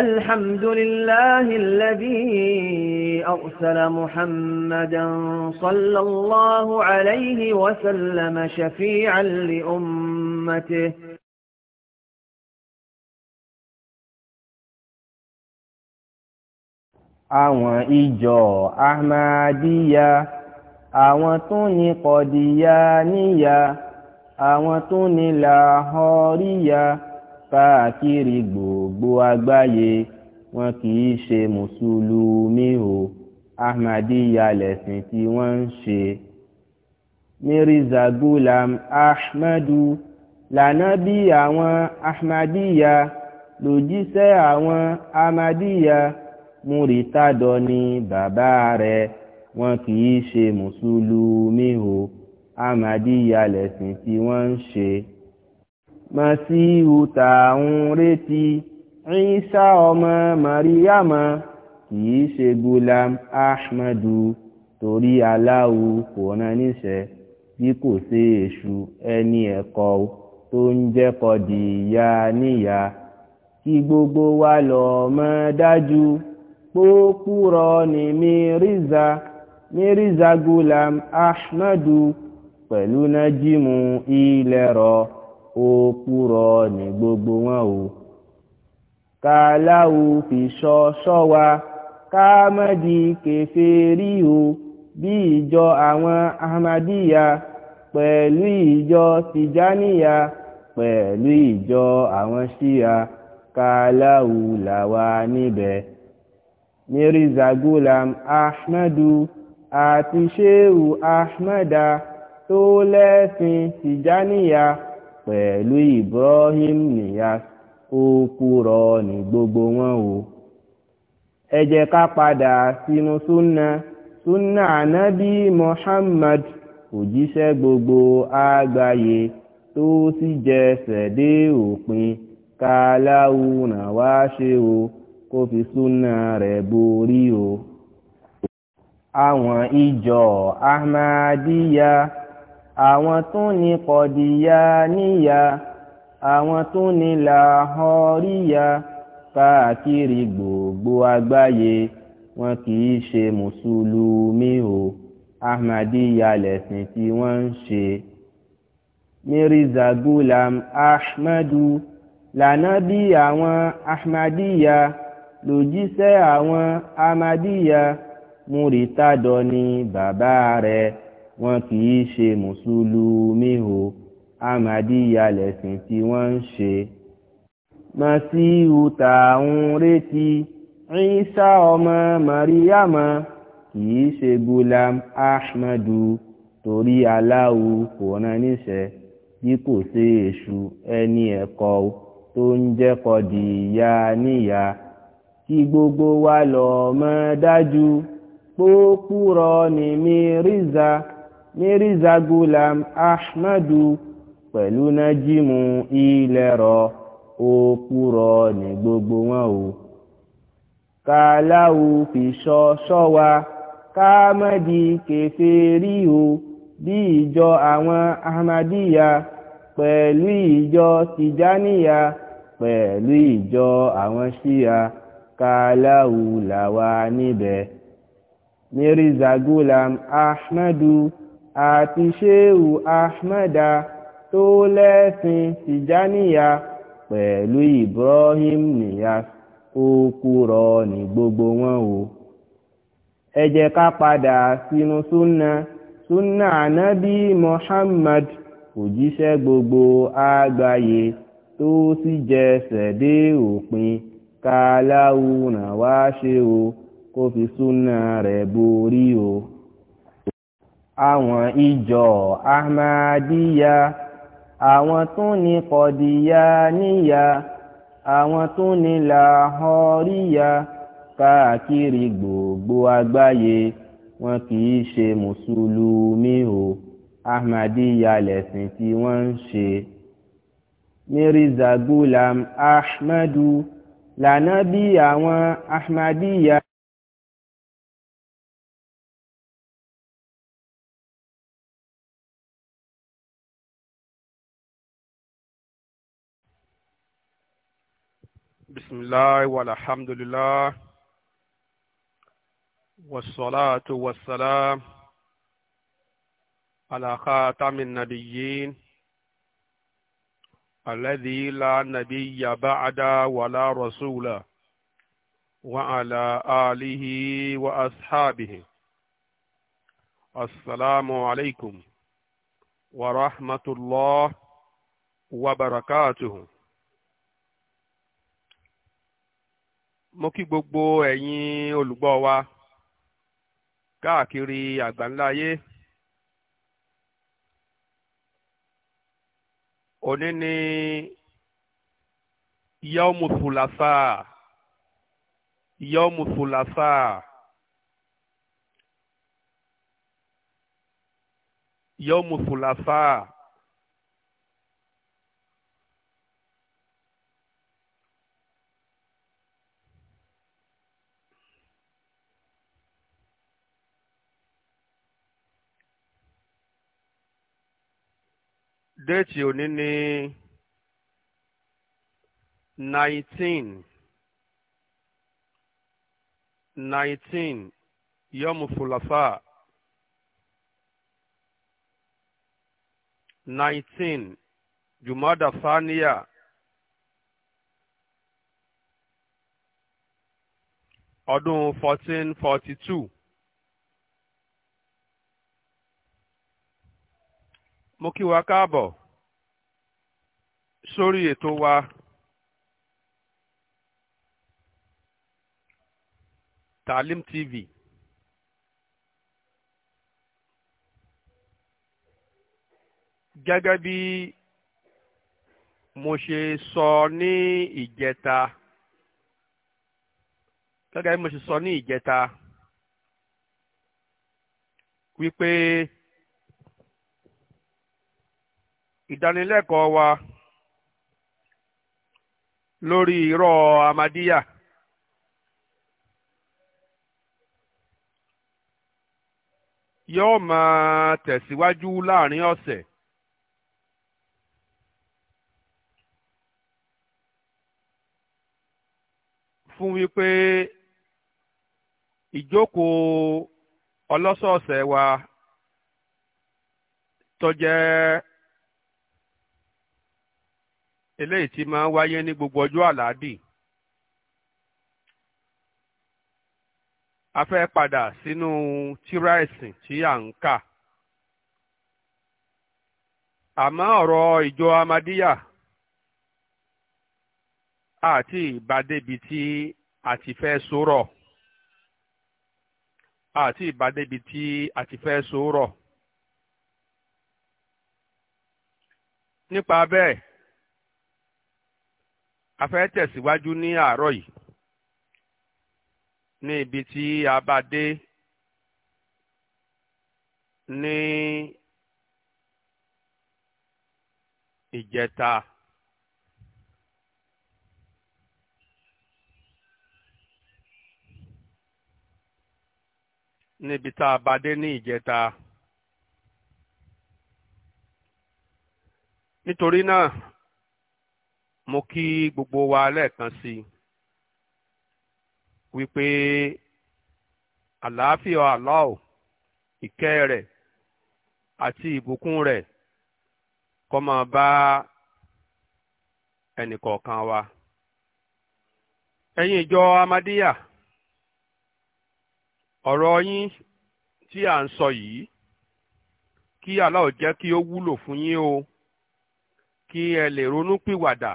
الحمد لله الذي أرسل محمدا صلى الله عليه وسلم شفيعا لأمته àwọn ìjọ ahmadiyya àwọn tó ní kọdíyà níyà àwọn tó ní làhọríyà káàkiri gbogbo àgbáyé wọn kì í ṣe mùsùlùmí o ahmadiyya lẹ̀sìn tí wọ́n ń ṣe. mirza gulam ahmadu lànábì àwọn ahmadiyya lòjíṣẹ́ àwọn ahmadiyya múritádọ ni bàbá rẹ̀ wọn kì í ṣe mùsùlùmí o ahmadiyya lẹ̀sìn tí wọ́n ń ṣe. Masihu tá à ń retí Ìsá ọmọ Màríyàmá kìí ṣe Gulam Ahmadu torí aláwo kò rán níṣẹ́ bí kò ṣe èṣù ẹni ẹ̀kọ́ tó ń jẹ́kọ̀ di ìyá níyà kí gbogbo wa lọ mọ̀ dájú pópúrọ̀ ní Mírízà Mírízà Gulam Ahmadu pẹ̀lú nájímù ilẹ̀ rọ̀ òpùrọ́ ní gbogbo wọn o kàláwù fi sọ sọ wa káàmọ́dì kèfèrí o bí ìjọ àwọn ahmadíyà pẹ̀lú ìjọ tìjáníyà pẹ̀lú ìjọ àwọn ṣíya kàláwù làwa níbẹ̀ mirza gulam ahmadu àti sheu ahmada tó lẹ́sìn tìjáníyà. pẹ̀lú Ibrahim Niyas ó kúrọ ní gbogbo wọn o ẹ jẹ́ ká padà sínú súnà súnà ànábì Muhammad òjíṣẹ́ gbogbo àgbáyé tó sì jẹsẹ̀ dé òpin káláwùnà wá ṣe o kó fi súnà rẹ̀ borí o àwọn ìjọ Ahmadiyya àwọn tún ní kọ̀díyà níyà àwọn tún ní làhọ́ríyà káàkiri gbogbo àgbáyé wọn kì í ṣe mùsùlùmí o ahmadiyya lẹ̀sìn tí wọ́n ń ṣe. mirza gulam ahmadu lànábì àwọn ahmadiyya lòjíṣẹ́ àwọn ahmadiyya múritádọ́ ni bàbá rẹ̀ wọn kì í ṣe mùsùlùmí o amadiya lẹ̀sìn tí wọ́n ń ṣe. masihu tá retí Ìsá ọmọ mariama kì í ṣe gulam ahmadu torí aláwo kò rán níṣẹ́ bí kò ṣe èṣù ẹni ẹ̀kọ́ tó ń jẹ́kọ̀ di ìyá níyà kí gbogbo wa lọ́ọ́ mọ̀ dájú pókúrọ̀ ní mírízà mirza zagulam ahmadu pẹ̀lú nájímù ilẹ̀rọ òpùrọ̀ ní gbogbo wọn o kàláwù fi sọ sọ́wa káàmọ́dì kèfèrí o bí ìjọ àwọn ahmadiyya pẹ̀lú ìjọ tìjáníyà pẹ̀lú ìjọ àwọn ṣíya kàláwù làwa níbẹ̀ mirza gulam ahmadu. àti shehu ahmeda tó lẹ́sìn tìjáníyà pẹ̀lú ibrahim niyas ó kúrọ ní gbogbo wọn o ẹ jẹ́ ká padà sínú súnà súnà ànábì muhammad òjíṣẹ́ gbogbo àgbáyé tó sì jẹsẹ̀ dé òpin ká wá ṣe o kó fi súnà rẹ̀ borí o. àwọn ìjọ ahmadiyya àwọn tún ní kọdíyà níyà àwọn tún ní làhọríyà káàkiri gbogbo àgbáyé wọn kì í ṣe mùsùlùmí o ahmadiyya lẹ̀sìn tí wọ́n ń ṣe. mirza gulam ahmadu lànábì àwọn ahmadiyya. بسم الله والحمد لله والصلاة والسلام على خاتم النبيين الذي لا نبي بعد ولا رسول وعلى آله وأصحابه السلام عليكم ورحمة الله وبركاته mo kí gbogbo ẹ̀yin olùgbọ́ wa káàkiri àgbáńlá ayé òní ni yawmu thulatha yawmu thulatha yawmu thulatha. déètì òní ni nineteen nineteen yọmù fúlàfà nineteen jùmọ́dà fáníyà. ọdún fourteen forty two. mo kí wa káàbọ̀ sórí ètò wa Taalim TV gẹ́gẹ́ bí mo ṣe sọ ní ìjẹta gẹ́gẹ́ bí mo ṣe sọ ní ìjẹta wípé ìdánilẹ́kọ̀ọ́ wa lórí irọ́ amadíyà. yóò máa tẹ̀síwájú láàrin ọ̀sẹ̀. fún wípé ìjókòó ọlọ́sọ̀ọ̀sẹ̀ wa tó jẹ́ eléyìí tí máa ń wáyé ní gbogbo ọjọ́ àládì. a fẹ́ padà sínú tírà ẹ̀sìn tí à ń kà. àmọ́ ọ̀rọ̀ ìjọ amadíyà àti ìbádébi tí a ti fẹ́ sọ̀rọ̀ àti ìbádébi tí a ti fẹ́ sọ̀rọ̀. nípa bẹ́ẹ̀ a fẹ́ tẹ̀síwájú ní àárọ̀ yìí ní ibi tí a bá dé ní ìjẹta. níbi tá a bá dé ní ìjẹta. nítorí náà mo kí gbogbo wa lẹ́ẹ̀kan sí i wípé àlàáfíà Allah ìkẹ́ rẹ̀ àti ìbùkún rẹ̀ kó máa bá ẹnìkọ̀ọ̀kan wa. ẹ̀yin ìjọ amadíyà ọ̀rọ̀ yín tí à ń sọ yìí kí Allah jẹ́ kí ó wúlò fún yín o kí ẹ lè ronú pìwàdà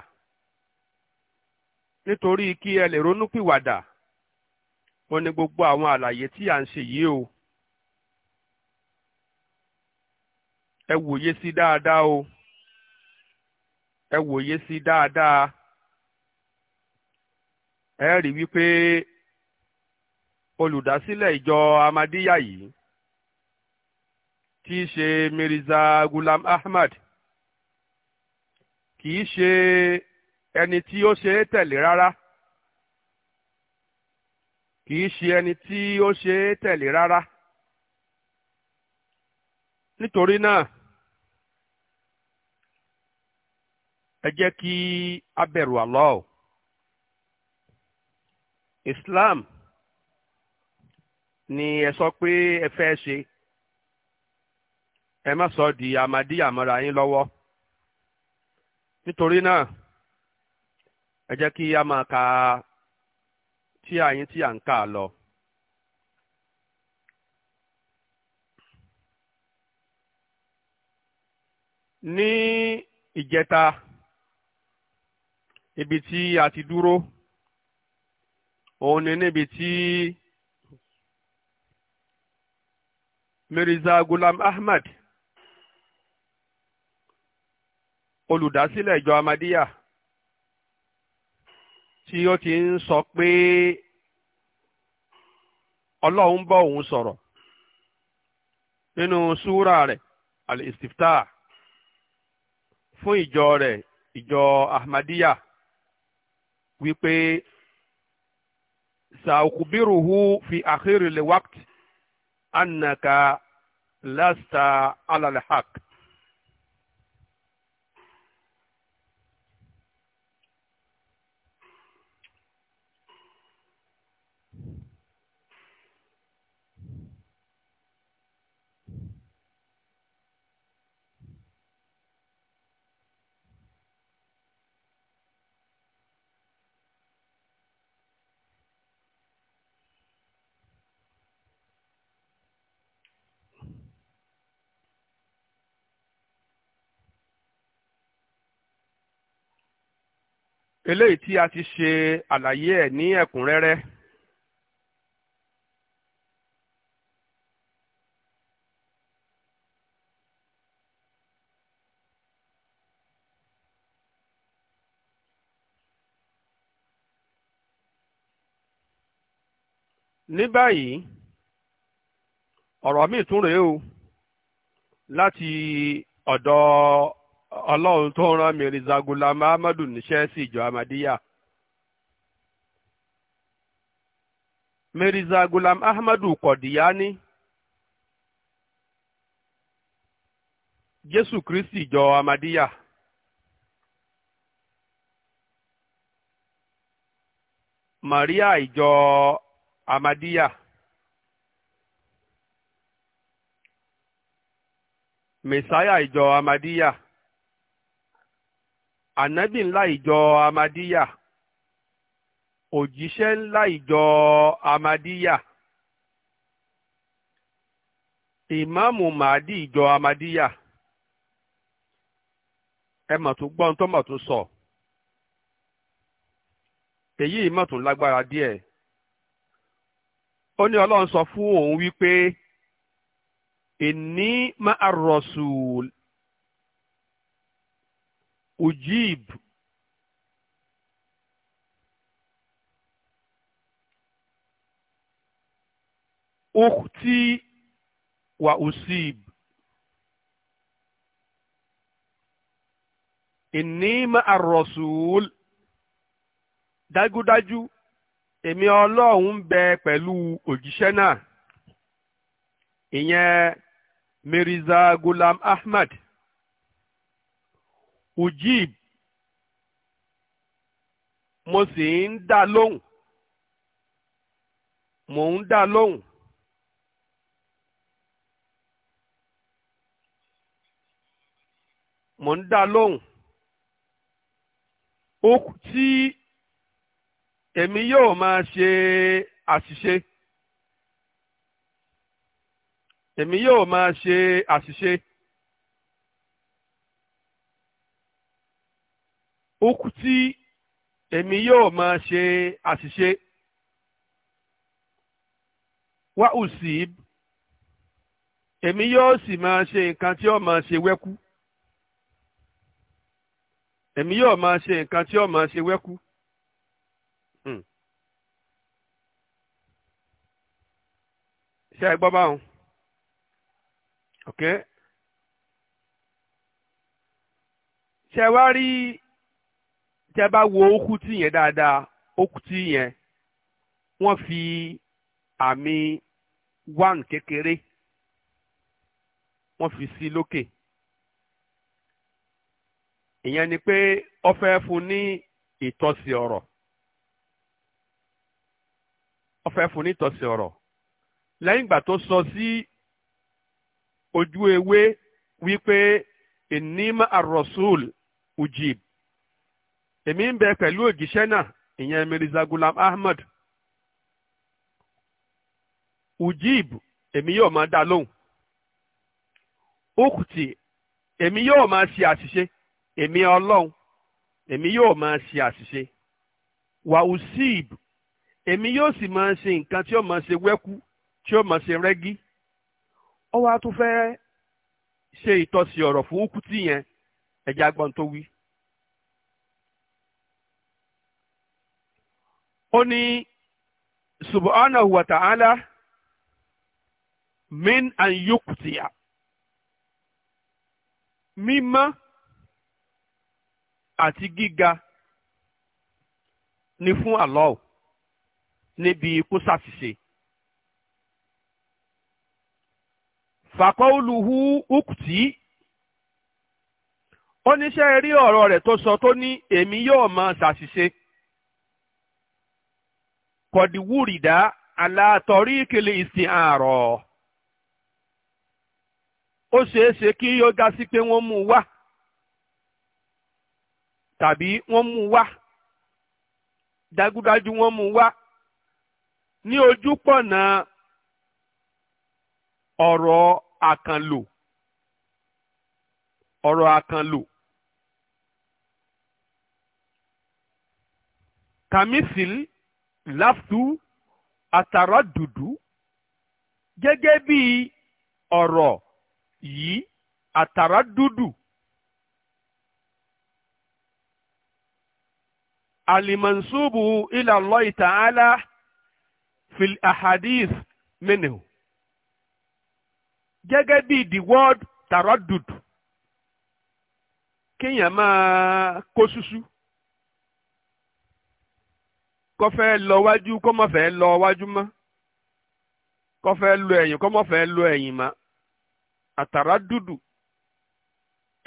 nítorí kí ẹ lè ronú pìwàdà wọ́n ní gbogbo àwọn àlàyé tí à ń ṣe yìí o ẹ wòye sí dáadáa o ẹ wòye sí dáadáa ẹ rí wípé olùdásílẹ̀ ìjọ amadíyà yìí tí í ṣe Mirza Gulam Ahmad kì í ṣe ẹni tí ó ṣe é tẹ̀lé rárá kì í ṣe ẹni tí ó ṣe é tẹ̀lé rárá nítorí náà ẹ jẹ́ kí a bẹ̀rù Allah Islam ni ẹ sọ pé ẹ fẹ́ ṣe ẹ má sọ di amadiya mọ́ra yín lọ́wọ́ nítorí náà. ẹ jẹ́ kí a máa ka tí àyín tí à ń kà lọ. ní ìjẹta ibi tí a ti dúró òun ni níbi tí Mirza Gulam Ahmad olùdásílẹ̀ ìjọ Ahmadiyya tí ó ti ń sọ pé ọlọ́run bá òun sọ̀rọ̀ nínú súrà rẹ̀ al-istifta fún ìjọ rẹ̀ ìjọ ahmadiyya wípé sàkùbírùhù fi àkírìlẹ̀ wákìtì annaka lasta alalhaq. eléyìí tí a ti ṣe àlàyé ẹ̀ ní ẹ̀kúnrẹ́rẹ́. ní báyìí ọ̀rọ̀ mi tún rèé o láti ọ̀dọ̀ ọlọ́run tó rán Mirza Ghulam Ahmadu níṣẹ́ sí ìjọ Ahmadiyya. Mirza Ghulam Ahmadu Kọ̀díyání Jésù Kristi ìjọ Ahmadiyya. Maria ìjọ Ahmadiyya. Mẹ̀sáyà ìjọ Ahmadiyya. ànábì ńlá ìjọ amadíyà òjíṣẹ́ ńlá ìjọ amadíyà ìmáàmù màdí ìjọ amadíyà ẹ mà tún gbọ́n tó mà tún sọ èyí mà tún lágbára díẹ̀ ó ní ọlọ́run sọ fún òun wípé ìní máa rọ̀sùl ujib ukhti wa usib inni ma'a ar-rasul dájúdájú èmi ọlọ́run ń bẹ pẹ̀lú òjíṣẹ́ náà ìyẹn gulam ahmad ujib mo sì ń dá lóhùn mò ń dá lóhùn. mò ń dá lóhùn ó tí èmi yóò máa ṣe àṣìṣe èmi yóò máa ṣe àṣìṣe. ó kú tí èmi yóò máa ṣe àṣìṣe wá òsì èmi yóò sì máa ṣe nǹkan tí ó máa ṣe wẹ́kú èmi yóò máa ṣe nǹkan tí ó máa ṣe wẹ́kú. Hmm. ṣé ẹ gbọ́ báwọn ok ṣé wá rí tẹ́ bá wo ókútì yẹn dáadáa ókútì yẹn wọ́n fi àmì one kékeré wọ́n fi sí lókè ìyẹn ni pé ó fẹ́ fún ní ìtọ́sí ọ̀rọ̀ ó fún ní ìtọ́sí ọ̀rọ̀ lẹ́yìn ìgbà tó sọ sí ojú ewé wípé ìnímọ̀ àròsùl ujib èmi ń bẹ pẹ̀lú òjíṣẹ́ náà ìyẹn Mirza Gulam Ahmed ujib èmi yóò máa dá lóhùn okuti èmi yóò máa ṣe àṣìṣe èmi ọlọ́run èmi yóò máa ṣe àṣìṣe wausib èmi yóò sì máa ṣe nǹkan tí ó máa ṣe wẹ́kú tí ó máa ṣe rẹ́gí ó wá tún fẹ́ ṣe ìtọ́sí ọ̀rọ̀ fún okuti yẹn ẹ̀já gbọ́n tó wí. ó ní subhanahu wa ta'ala min an yukutia mímọ́ àti gíga ni fún Allah níbi kó ṣàṣìṣe. fàkọ́ọ̀lùhù ukùtì ó ní rí ọ̀rọ̀ rẹ̀ tó sọ tó ní èmi yóò máa ṣàṣìṣe. kọ̀dí wúrìdá aláàtọ̀rí ìkìlì ìsìn àárọ̀ ó ṣeé ṣe kí yóò ga sí pé wọ́n mú wá tàbí wọ́n mú wá dájúdájú wọ́n mú wá ní ojú pọ̀ ojúpọ̀nà ọ̀rọ̀ àkànlò ọ̀rọ̀ àkànlò. kàmísìlì láftú àtàrọ dùdú gẹ́gẹ́ bí ọ̀rọ̀ yìí àtàrọ dúdú alimansubu ila Allah ta'ala fil ahadith minhu gẹ́gẹ́ bí the word tàrọ dùdú kéèyàn kó ṣuṣu. kọ́ fẹ́ lọ wájú kọ́ mọ̀ fẹ́ ẹ̀yìn ẹ̀yìn àtàrà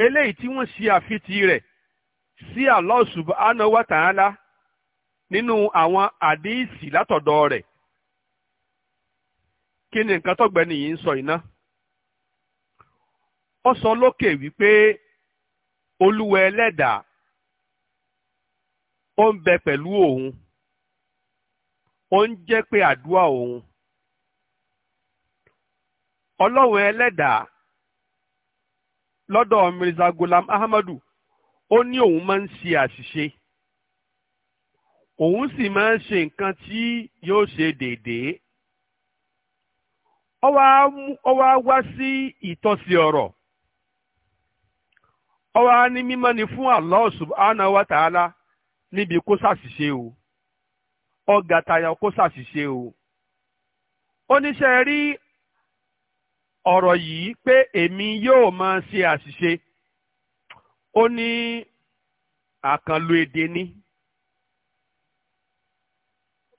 eléyìí tí wọ́n ṣe àfitì rẹ̀ sí nínú àwọn àdéhìsì ni nǹkan yìí ń sọ iná ó sọ lókè wípé olúwa ó ó ń jẹ́ pé àdúrà òun ọlọ́run ẹlẹ́dàá lọ́dọ̀ Mirza Ghulam Ahmadu ó ní òun máa ń ṣe àṣìṣe òun sì máa ń ṣe nǹkan tí yóò ṣe déédéé ó wá wá sí ìtọ́sí ọ̀rọ̀ ó wá ní mímọ́ ni fún Allah subhanahu wa ta'ala níbi kó ṣàṣìṣe o. ọgà tayọ kó ṣàṣìṣe o oníṣẹ́ rí ọ̀rọ̀ yìí pé èmi yóò máa ṣe àṣìṣe ó ní àkànlò èdè ni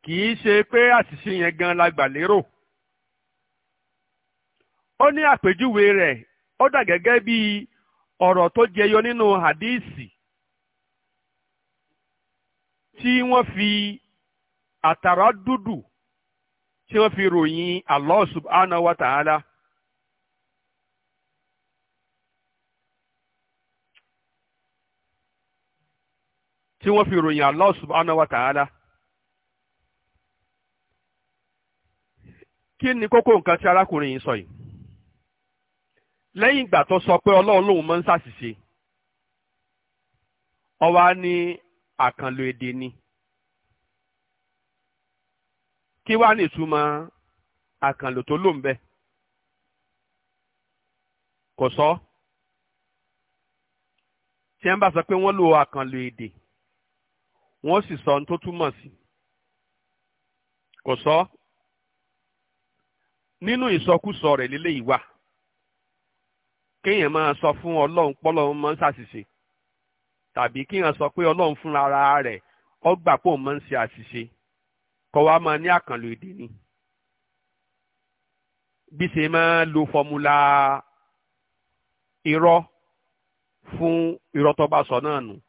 kì í ṣe pé àṣìṣe yẹn gan la gbà lérò ó ní àpèjúwe rẹ̀ ó dà gẹ́gẹ́ bí ọ̀rọ̀ tó jẹyọ nínú hadíìsì tí wọ́n fi àtàrà dúdú tí wọ́n fi ròyìn Allah subhanahu wa ta'ala. tí wọ́n fi ròyìn Allah subhanahu wa kí ni kókó nǹkan tí arákùnrin yìí sọ yìí? lẹ́yìn ìgbà tó sọ pé ọlọ́run lòun máa ń ṣàṣìṣe ó wá ní àkànlò èdè ni. kí wàá nìtumọ̀ àkànlò tó lò ń bẹ kò sọ tí ẹ ń bá sọ pé wọ́n lo àkànlò èdè wọ́n sì sọ ohun tó túmọ̀ sí kò sọ nínú ìsọkúsọ rẹ̀ lélẹ́yìí wà kéèyàn máa sọ fún ọlọ́run pọ́lọ́run máa ń ṣàṣìṣe tàbí kéèyàn sọ pé ọlọ́run fúnra rẹ̀ ó gbà máa ń ṣe àṣìṣe kọ́ wa máa ní àkànlò èdè ni bí ṣe máa lo fọmúlà irọ́ fún irọ́ tó bá sọ náà nù. No